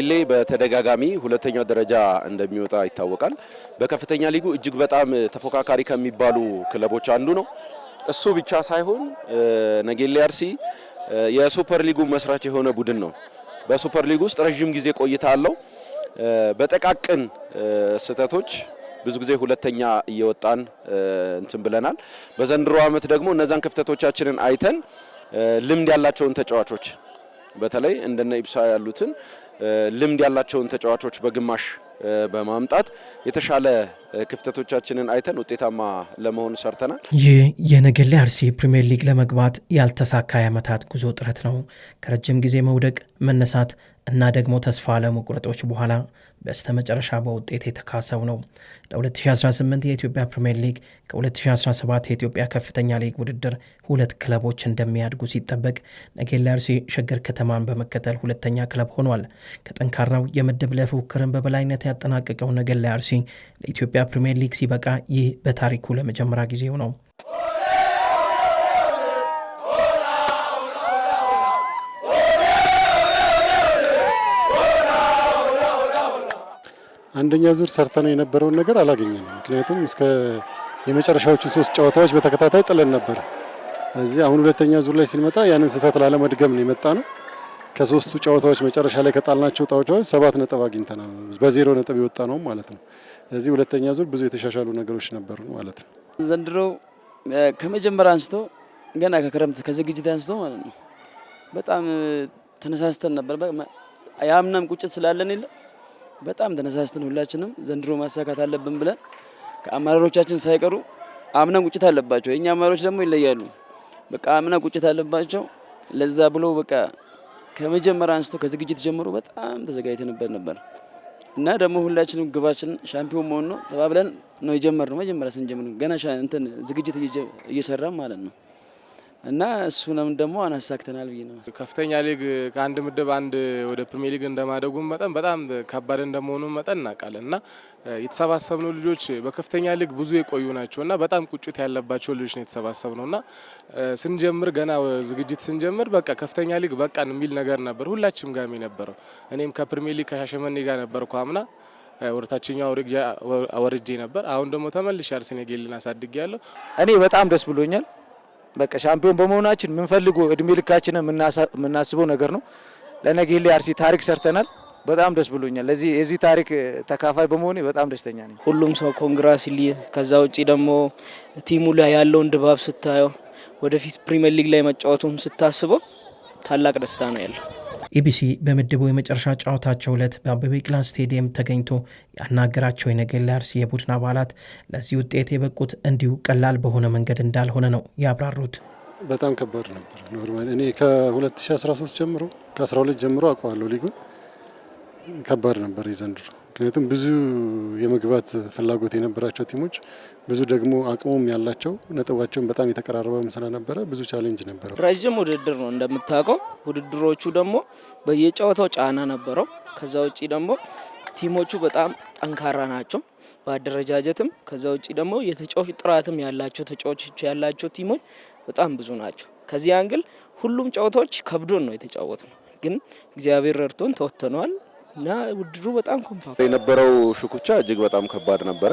ነገሌ በተደጋጋሚ ሁለተኛ ደረጃ እንደሚወጣ ይታወቃል። በከፍተኛ ሊጉ እጅግ በጣም ተፎካካሪ ከሚባሉ ክለቦች አንዱ ነው። እሱ ብቻ ሳይሆን ነጌሌ አርሲ የሱፐር ሊጉ መስራች የሆነ ቡድን ነው። በሱፐር ሊጉ ውስጥ ረዥም ጊዜ ቆይታ አለው። በጠቃቅን ስህተቶች ብዙ ጊዜ ሁለተኛ እየወጣን እንትን ብለናል። በዘንድሮ ዓመት ደግሞ እነዛን ክፍተቶቻችንን አይተን ልምድ ያላቸውን ተጫዋቾች በተለይ እንደነ ኢብሳ ያሉትን ልምድ ያላቸውን ተጫዋቾች በግማሽ በማምጣት የተሻለ ክፍተቶቻችንን አይተን ውጤታማ ለመሆን ሰርተናል። ይህ የነገሌ አርሲ ፕሪምየር ሊግ ለመግባት ያልተሳካ የዓመታት ጉዞ ጥረት ነው። ከረጅም ጊዜ መውደቅ መነሳት እና ደግሞ ተስፋ ለመቁረጦች በኋላ በስተመጨረሻ በውጤት የተካሰው ነው። ለ2018 የኢትዮጵያ ፕሪምየር ሊግ ከ2017 የኢትዮጵያ ከፍተኛ ሊግ ውድድር ሁለት ክለቦች እንደሚያድጉ ሲጠበቅ ነጌላ አርሲ ሸገር ከተማን በመከተል ሁለተኛ ክለብ ሆኗል። ከጠንካራው የምድብ ለፉክክርን በበላይነት ያጠናቀቀው ነገላርሲ አርሲ ለኢትዮጵያ ፕሪምየር ሊግ ሲበቃ ይህ በታሪኩ ለመጀመሪያ ጊዜው ነው። አንደኛ ዙር ሰርተነው የነበረውን ነገር አላገኘንም። ምክንያቱም እስከ የመጨረሻዎቹ ሶስት ጨዋታዎች በተከታታይ ጥለን ነበር። እዚህ አሁን ሁለተኛ ዙር ላይ ሲንመጣ ያንን ስህተት ላለመድገም ነው የመጣ ነው። ከሶስቱ ጨዋታዎች መጨረሻ ላይ ከጣልናቸው ጨዋታዎች ሰባት ነጥብ አግኝተናል። በዜሮ ነጥብ የወጣ ነው ማለት ነው። እዚህ ሁለተኛ ዙር ብዙ የተሻሻሉ ነገሮች ነበሩ ማለት ነው። ዘንድሮ ከመጀመሪያ አንስቶ ገና ከክረምት ከዝግጅት አንስቶ ማለት ነው በጣም ተነሳስተን ነበር። ያምናም ቁጭት ስላለን የለ በጣም ተነሳስተን ሁላችንም ዘንድሮ ማሳካት አለብን ብለን ከአመራሮቻችን ሳይቀሩ አምና ቁጭት አለባቸው። የኛ አመራሮች ደግሞ ይለያሉ። በቃ አምና ቁጭት አለባቸው። ለዛ ብሎ በቃ ከመጀመሪያ አንስቶ ከዝግጅት ጀምሮ በጣም ተዘጋጅተንበት ነበር እና ደግሞ ሁላችንም ግባችን ሻምፒዮን መሆን ነው ተባብለን ነው የጀመርነው። መጀመሪያ ስንጀምር ገና እንትን ዝግጅት እየሰራም ማለት ነው እና እሱንም ደግሞ አናሳክተናል ብዬ ነው። ከፍተኛ ሊግ ከአንድ ምድብ አንድ ወደ ፕሪሚየር ሊግ እንደማደጉ መጠን በጣም ከባድ እንደመሆኑ መጠን እናውቃለን እና የተሰባሰብ ነው ልጆች በከፍተኛ ሊግ ብዙ የቆዩ ናቸው እና በጣም ቁጭት ያለባቸው ልጆች ነው የተሰባሰብ ነው እና ስንጀምር ገና ዝግጅት ስንጀምር በቃ ከፍተኛ ሊግ በቃን የሚል ነገር ነበር ሁላችንም ጋሚ ነበረው። እኔም ከፕሪሚየር ሊግ ከሻሸመኔ ጋር ነበርኩ አምና ወደ ታችኛው ወርጄ ነበር። አሁን ደግሞ ተመልሼ አርሰናል ጌሌን አሳድጌ ያለሁ እኔ በጣም ደስ ብሎኛል። በቃ ሻምፒዮን በመሆናችን የምንፈልገው እድሜ ልካችን የምናስበው ነገር ነው። ለነገሌ አርሲ ታሪክ ሰርተናል። በጣም ደስ ብሎኛል። ለዚህ የዚህ ታሪክ ተካፋይ በመሆኔ በጣም ደስተኛ ነኝ። ሁሉም ሰው ኮንግራስ ሊ ከዛ ውጪ ደግሞ ቲሙ ላይ ያለውን ድባብ ስታየው፣ ወደፊት ፕሪሚየር ሊግ ላይ መጫወቱም ስታስበው ታላቅ ደስታ ነው ያለው። ኢቢሲ በምድቡ የመጨረሻ ጨዋታቸው ዕለት በአበበ ቢቂላ ስቴዲየም ተገኝቶ ያናገራቸው የነገሌ አርሲ የቡድን አባላት ለዚህ ውጤት የበቁት እንዲሁ ቀላል በሆነ መንገድ እንዳልሆነ ነው ያብራሩት። በጣም ከባድ ነበር። ኖርማል እኔ ከ2013 ጀምሮ ከ12 ጀምሮ አውቀዋለሁ ሊጉን። ከባድ ነበር የዘንድሮ ምክንያቱም ብዙ የመግባት ፍላጎት የነበራቸው ቲሞች ብዙ ደግሞ አቅሙም ያላቸው ነጥባቸውን በጣም የተቀራረበም ስለነበረ ብዙ ቻሌንጅ ነበረው። ረዥም ውድድር ነው እንደምታውቀው። ውድድሮቹ ደግሞ በየጨዋታው ጫና ነበረው። ከዛ ውጭ ደግሞ ቲሞቹ በጣም ጠንካራ ናቸው በአደረጃጀትም። ከዛ ውጭ ደግሞ የተጫዋች ጥራትም ያላቸው ተጫዋቾች ያላቸው ቲሞች በጣም ብዙ ናቸው። ከዚህ አንግል ሁሉም ጨዋታዎች ከብዶን ነው የተጫወት ነው፣ ግን እግዚአብሔር ረድቶን ተወጥተነዋል። እና ውድድሩ በጣም ኮምፓክት የነበረው ሽኩቻ እጅግ በጣም ከባድ ነበረ።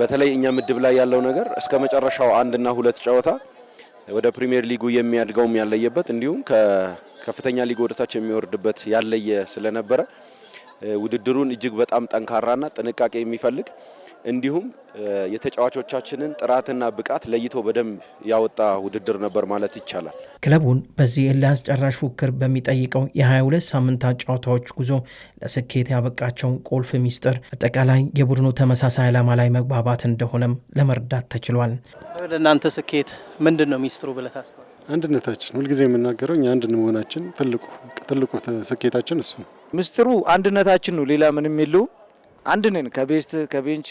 በተለይ እኛ ምድብ ላይ ያለው ነገር እስከ መጨረሻው አንድና ሁለት ጨዋታ ወደ ፕሪሚየር ሊጉ የሚያድገውም ያለየበት እንዲሁም ከከፍተኛ ሊግ ወደታች የሚወርድበት ያለየ ስለነበረ ውድድሩን እጅግ በጣም ጠንካራና ጥንቃቄ የሚፈልግ እንዲሁም የተጫዋቾቻችንን ጥራትና ብቃት ለይቶ በደንብ ያወጣ ውድድር ነበር ማለት ይቻላል። ክለቡን በዚህ እልህ አስጨራሽ ፉክክር በሚጠይቀው የ22 ሳምንታት ጨዋታዎች ጉዞ ለስኬት ያበቃቸው ቁልፍ ሚስጥር አጠቃላይ የቡድኑ ተመሳሳይ ዓላማ ላይ መግባባት እንደሆነም ለመርዳት ተችሏል። ለእናንተ ስኬት ምንድን ነው ሚስጥሩ ብለህ ታስባለህ? አንድነታችን ሁልጊዜ የምናገረው እኛ አንድ መሆናችን ትልቁ ትልቁ ስኬታችን እሱ ነው። ምስጢሩ አንድነታችን ነው። ሌላ ምንም የለውም። አንድ ነን። ከቤስት ከቤንች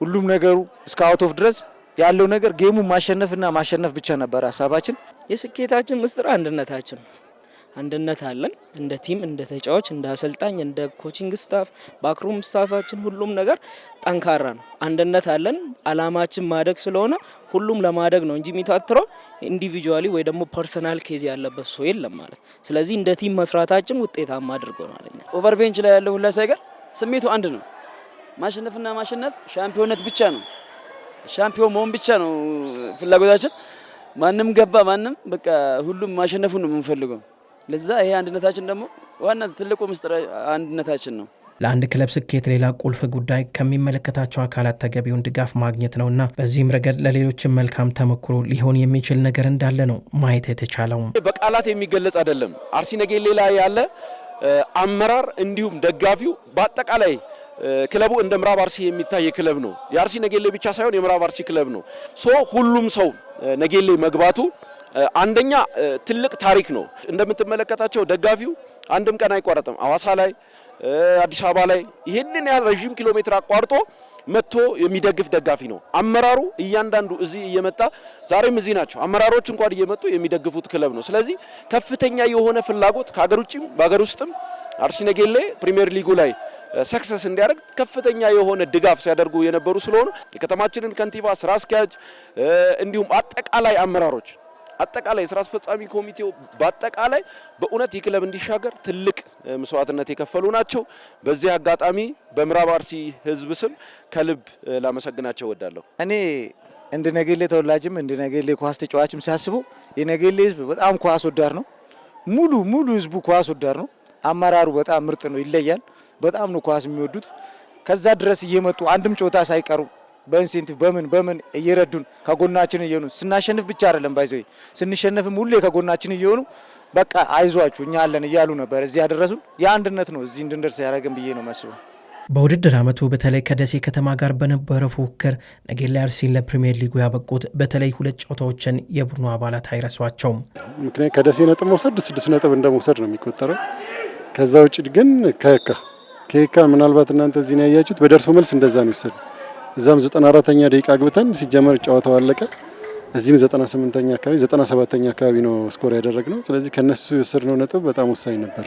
ሁሉም ነገሩ እስከ አውት ኦፍ ድረስ ያለው ነገር ጌሙ ማሸነፍና ማሸነፍ ብቻ ነበር ሀሳባችን። የስኬታችን ምስጢር አንድነታችን ነው። አንድነት አለን እንደ ቲም፣ እንደ ተጫዋች፣ እንደ አሰልጣኝ፣ እንደ ኮቺንግ ስታፍ፣ ባክሩም ስታፋችን ሁሉም ነገር ጠንካራ ነው። አንድነት አለን። አላማችን ማደግ ስለሆነ ሁሉም ለማደግ ነው እንጂ የሚታትረው ኢንዲቪጁዋሊ ወይ ደግሞ ፐርሰናል ኬዝ ያለበት ሰው የለም ማለት። ስለዚህ እንደ ቲም መስራታችን ውጤታማ አድርጎናል። ኦቨር ቤንች ላይ ያለው ሁላ ሳይቀር ስሜቱ አንድ ነው። ማሸነፍና ማሸነፍ ሻምፒዮነት ብቻ ነው። ሻምፒዮን መሆን ብቻ ነው ፍላጎታችን። ማንም ገባ ማንም በቃ ሁሉም ማሸነፉ ነው የምንፈልገው። ለዛ ይሄ አንድነታችን ደግሞ ዋና ትልቁ ምስጢር አንድነታችን ነው። ለአንድ ክለብ ስኬት ሌላ ቁልፍ ጉዳይ ከሚመለከታቸው አካላት ተገቢውን ድጋፍ ማግኘት ነውና በዚህም ረገድ ለሌሎችም መልካም ተሞክሮ ሊሆን የሚችል ነገር እንዳለ ነው ማየት የተቻለው። በቃላት የሚገለጽ አይደለም። አርሲ ነገሌ ላይ ያለ አመራር እንዲሁም ደጋፊው በአጠቃላይ ክለቡ እንደ ምዕራብ አርሲ የሚታይ ክለብ ነው። የአርሲ ነጌሌ ብቻ ሳይሆን የምዕራብ አርሲ ክለብ ነው። ሶ ሁሉም ሰው ነጌሌ መግባቱ አንደኛ ትልቅ ታሪክ ነው። እንደምትመለከታቸው ደጋፊው አንድም ቀን አይቋረጥም። አዋሳ ላይ፣ አዲስ አበባ ላይ ይህንን ያህል ረዥም ኪሎ ሜትር አቋርጦ መጥቶ የሚደግፍ ደጋፊ ነው። አመራሩ እያንዳንዱ እዚህ እየመጣ ዛሬም እዚህ ናቸው። አመራሮች እንኳን እየመጡ የሚደግፉት ክለብ ነው። ስለዚህ ከፍተኛ የሆነ ፍላጎት ከሀገር ውጭም በሀገር ውስጥም አርሲ ነጌሌ ፕሪሚየር ሊጉ ላይ ሰክሰስ እንዲያደርግ ከፍተኛ የሆነ ድጋፍ ሲያደርጉ የነበሩ ስለሆኑ የከተማችንን ከንቲባ፣ ስራ አስኪያጅ እንዲሁም አጠቃላይ አመራሮች አጠቃላይ የስራ አስፈጻሚ ኮሚቴው በአጠቃላይ በእውነት ይህ ክለብ እንዲሻገር ትልቅ መስዋዕትነት የከፈሉ ናቸው። በዚህ አጋጣሚ በምዕራብ አርሲ ሕዝብ ስም ከልብ ላመሰግናቸው እወዳለሁ። እኔ እንደ ነገሌ ተወላጅም እንደ ነገሌ ኳስ ተጫዋችም ሲያስቡ የነገሌ ሕዝብ በጣም ኳስ ወዳድ ነው። ሙሉ ሙሉ ሕዝቡ ኳስ ወዳድ ነው። አመራሩ በጣም ምርጥ ነው፣ ይለያል። በጣም ነው ኳስ የሚወዱት። ከዛ ድረስ እየመጡ አንድም ጨዋታ ሳይቀሩ በኢንሴንቲቭ በምን በምን እየረዱን ከጎናችን እየሆኑ ስናሸንፍ ብቻ አይደለም ባይዘ ስንሸነፍም ሁሌ ከጎናችን እየሆኑ በቃ አይዟችሁ እኛ አለን እያሉ ነበር። እዚህ ያደረሱ የአንድነት ነው እዚህ እንድንደርስ ያደረግን ብዬ ነው ማስበው። በውድድር ዓመቱ በተለይ ከደሴ ከተማ ጋር በነበረው ፉክክር ነጌሌ አርሲን ለፕሪምየር ሊጉ ያበቁት በተለይ ሁለት ጨዋታዎችን የቡድኑ አባላት አይረሷቸውም። ምክንያት ከደሴ ነጥብ መውሰድ ስድስት ነጥብ እንደመውሰድ ነው የሚቆጠረው። ከዛ ውጭ ግን ከከ ከየካ ምናልባት እናንተ እዚህ ነው ያያችሁት። በደርሶ መልስ እንደዛ ነው ይሰሩ። እዛም 94ኛ ደቂቃ አግብተን ሲጀመር ጨዋታው አለቀ። እዚህም 98ኛ አካባቢ 97ኛ አካባቢ ነው ስኮር ያደረግነው። ስለዚህ ከነሱ የወሰድነው ነጥብ በጣም ወሳኝ ነበር።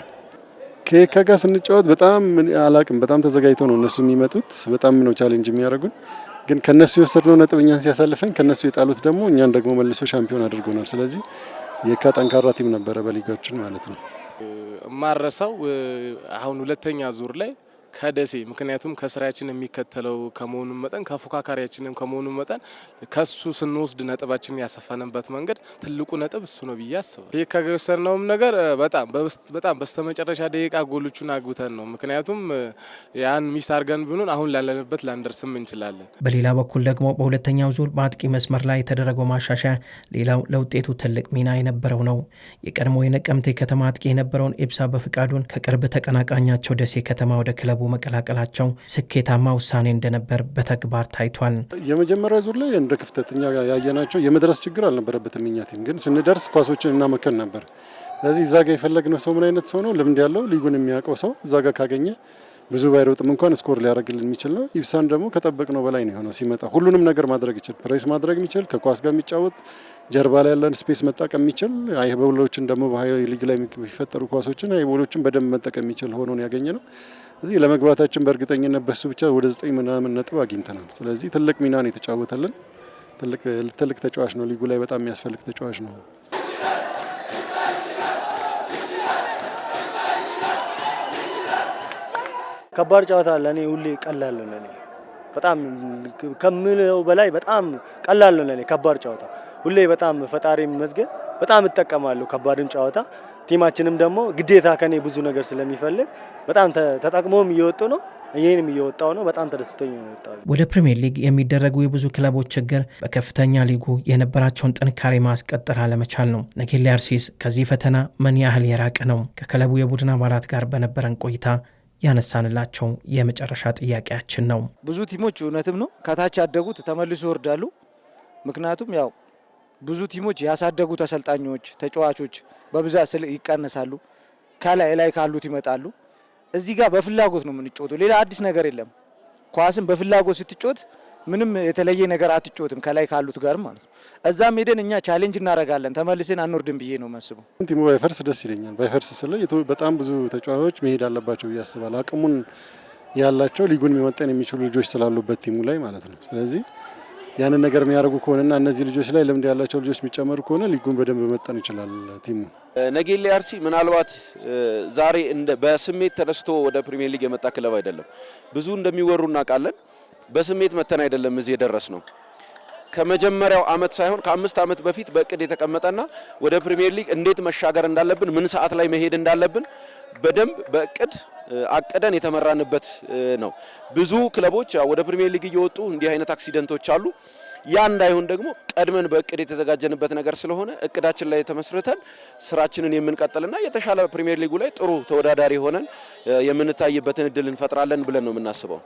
ከየካ ጋር ስንጫወት በጣም አላቅም፣ በጣም ተዘጋጅተው ነው እነሱ የሚመጡት። በጣም ነው ቻሌንጅ የሚያደርጉን። ግን ከነሱ የወሰድነው ነጥብ እኛን ሲያሳልፈን፣ ከነሱ የጣሉት ደግሞ እኛን ደግሞ መልሶ ሻምፒዮን አድርጎናል። ስለዚህ የካ ጠንካራ ቲም ነበረ በሊጋችን ማለት ነው። ማረሳው አሁን ሁለተኛ ዙር ላይ ከደሴ ምክንያቱም ከስራችን የሚከተለው ከመሆኑ መጠን ከፎካካሪያችንም ከመሆኑ መጠን ከሱ ስንወስድ ነጥባችን ያሰፈንበት መንገድ ትልቁ ነጥብ እሱ ነው ብዬ አስባለሁ። ይህ ከወሰድነውም ነገር በጣም በጣም በስተመጨረሻ ደቂቃ ጎሎቹን አግብተን ነው። ምክንያቱም ያን ሚስ አርገን ብንሆን አሁን ላለንበት ላንደርስም እንችላለን። በሌላ በኩል ደግሞ በሁለተኛው ዙር በአጥቂ መስመር ላይ የተደረገው ማሻሻያ ሌላው ለውጤቱ ትልቅ ሚና የነበረው ነው። የቀድሞ የነቀምቴ ከተማ አጥቂ የነበረውን ኤብሳ በፍቃዱን ከቅርብ ተቀናቃኛቸው ደሴ ከተማ ወደ ክለቡ መቀላቀላቸው ስኬታማ ውሳኔ እንደነበር በተግባር ታይቷል። የመጀመሪያ ዙር ላይ እንደ ክፍተት እኛ ያየናቸው የመድረስ ችግር አልነበረበትም። እኛ ቲም ግን ስንደርስ ኳሶችን እናመከል ነበር። ስለዚህ እዛ ጋር የፈለግነው ሰው ምን አይነት ሰው ነው? ልምድ ያለው ሊጉን የሚያውቀው ሰው እዛ ጋ ካገኘ ብዙ ባይሮጥም እንኳን ስኮር ሊያደርግልን የሚችል ነው። ኢብሳን ደግሞ ከጠበቅነው በላይ ነው የሆነው። ሲመጣ ሁሉንም ነገር ማድረግ ይችል፣ ፕሬስ ማድረግ የሚችል፣ ከኳስ ጋር የሚጫወት ጀርባ ላይ ያለን ስፔስ መጠቀም የሚችል አይ ደግሞ በሀይ ሊግ ላይ የሚፈጠሩ ኳሶችን አይ በደንብ መጠቀም የሚችል ሆኖን ያገኘ ነው። እዚህ ለመግባታችን በእርግጠኝነት በሱ ብቻ ወደ ዘጠኝ ምናምን ነጥብ አግኝተናል። ስለዚህ ትልቅ ሚና ነው የተጫወተልን። ትልቅ ተጫዋች ነው። ሊጉ ላይ በጣም የሚያስፈልግ ተጫዋች ነው። ከባድ ጨዋታ ለእኔ ሁሌ ቀላል ነው። ለእኔ በጣም ከምለው በላይ በጣም ቀላል ነው። ለእኔ ከባድ ጨዋታ ሁሌ በጣም ፈጣሪ ይመስገን በጣም እጠቀማለሁ ከባድን ጨዋታ ቲማችንም ደግሞ ግዴታ ከኔ ብዙ ነገር ስለሚፈልግ በጣም ተጠቅሞም እየወጡ ነው ይህንም እየወጣው ነው። በጣም ተደስተኛ ነው የወጣው። ወደ ፕሪምየር ሊግ የሚደረጉ የብዙ ክለቦች ችግር በከፍተኛ ሊጉ የነበራቸውን ጥንካሬ ማስቀጠር አለመቻል ነው። ነጌሌ አርሲስ ከዚህ ፈተና ምን ያህል የራቀ ነው? ከክለቡ የቡድን አባላት ጋር በነበረን ቆይታ ያነሳንላቸው የመጨረሻ ጥያቄያችን ነው። ብዙ ቲሞች እውነትም ነው ከታች ያደጉት ተመልሶ ይወርዳሉ። ምክንያቱም ያው ብዙ ቲሞች ያሳደጉ ተሰልጣኞች ተጫዋቾች በብዛት ስል ይቀነሳሉ ከላይ ላይ ካሉት ይመጣሉ። እዚህ ጋር በፍላጎት ነው የምንጫወተው። ሌላ አዲስ ነገር የለም። ኳስን በፍላጎት ስትጮት ምንም የተለየ ነገር አትጮትም፣ ከላይ ካሉት ጋር ማለት ነው። እዛም ሄደን እኛ ቻሌንጅ እናደርጋለን፣ ተመልሰን አንወርድም ብዬ ነው የማስበው። ቲሙ ባይፈርስ ደስ ይለኛል። ባይፈርስ ስለ በጣም ብዙ ተጫዋቾች መሄድ አለባቸው ብዬ አስባለሁ። አቅሙን ያላቸው ሊጉን መመጠን የሚችሉ ልጆች ስላሉበት ቲሙ ላይ ማለት ነው። ስለዚህ ያንን ነገር የሚያደርጉ ከሆነና እነዚህ ልጆች ላይ ልምድ ያላቸው ልጆች የሚጨመሩ ከሆነ ሊጉን በደንብ መጠን ይችላል። ቲሙ ነጌሌ አርሲ ምናልባት ዛሬ በስሜት ተነስቶ ወደ ፕሪሚየር ሊግ የመጣ ክለብ አይደለም። ብዙ እንደሚወሩ እናውቃለን። በስሜት መተን አይደለም እዚህ የደረስ ነው። ከመጀመሪያው አመት ሳይሆን ከአምስት አመት በፊት በእቅድ የተቀመጠና ወደ ፕሪሚየር ሊግ እንዴት መሻገር እንዳለብን ምን ሰዓት ላይ መሄድ እንዳለብን በደንብ በእቅድ አቅደን የተመራንበት ነው። ብዙ ክለቦች ወደ ፕሪሚየር ሊግ እየወጡ እንዲህ አይነት አክሲደንቶች አሉ። ያ እንዳይሆን ደግሞ ቀድመን በእቅድ የተዘጋጀንበት ነገር ስለሆነ እቅዳችን ላይ ተመስርተን ስራችንን የምንቀጥልና የተሻለ ፕሪሚየር ሊጉ ላይ ጥሩ ተወዳዳሪ ሆነን የምንታይበትን እድል እንፈጥራለን ብለን ነው የምናስበው።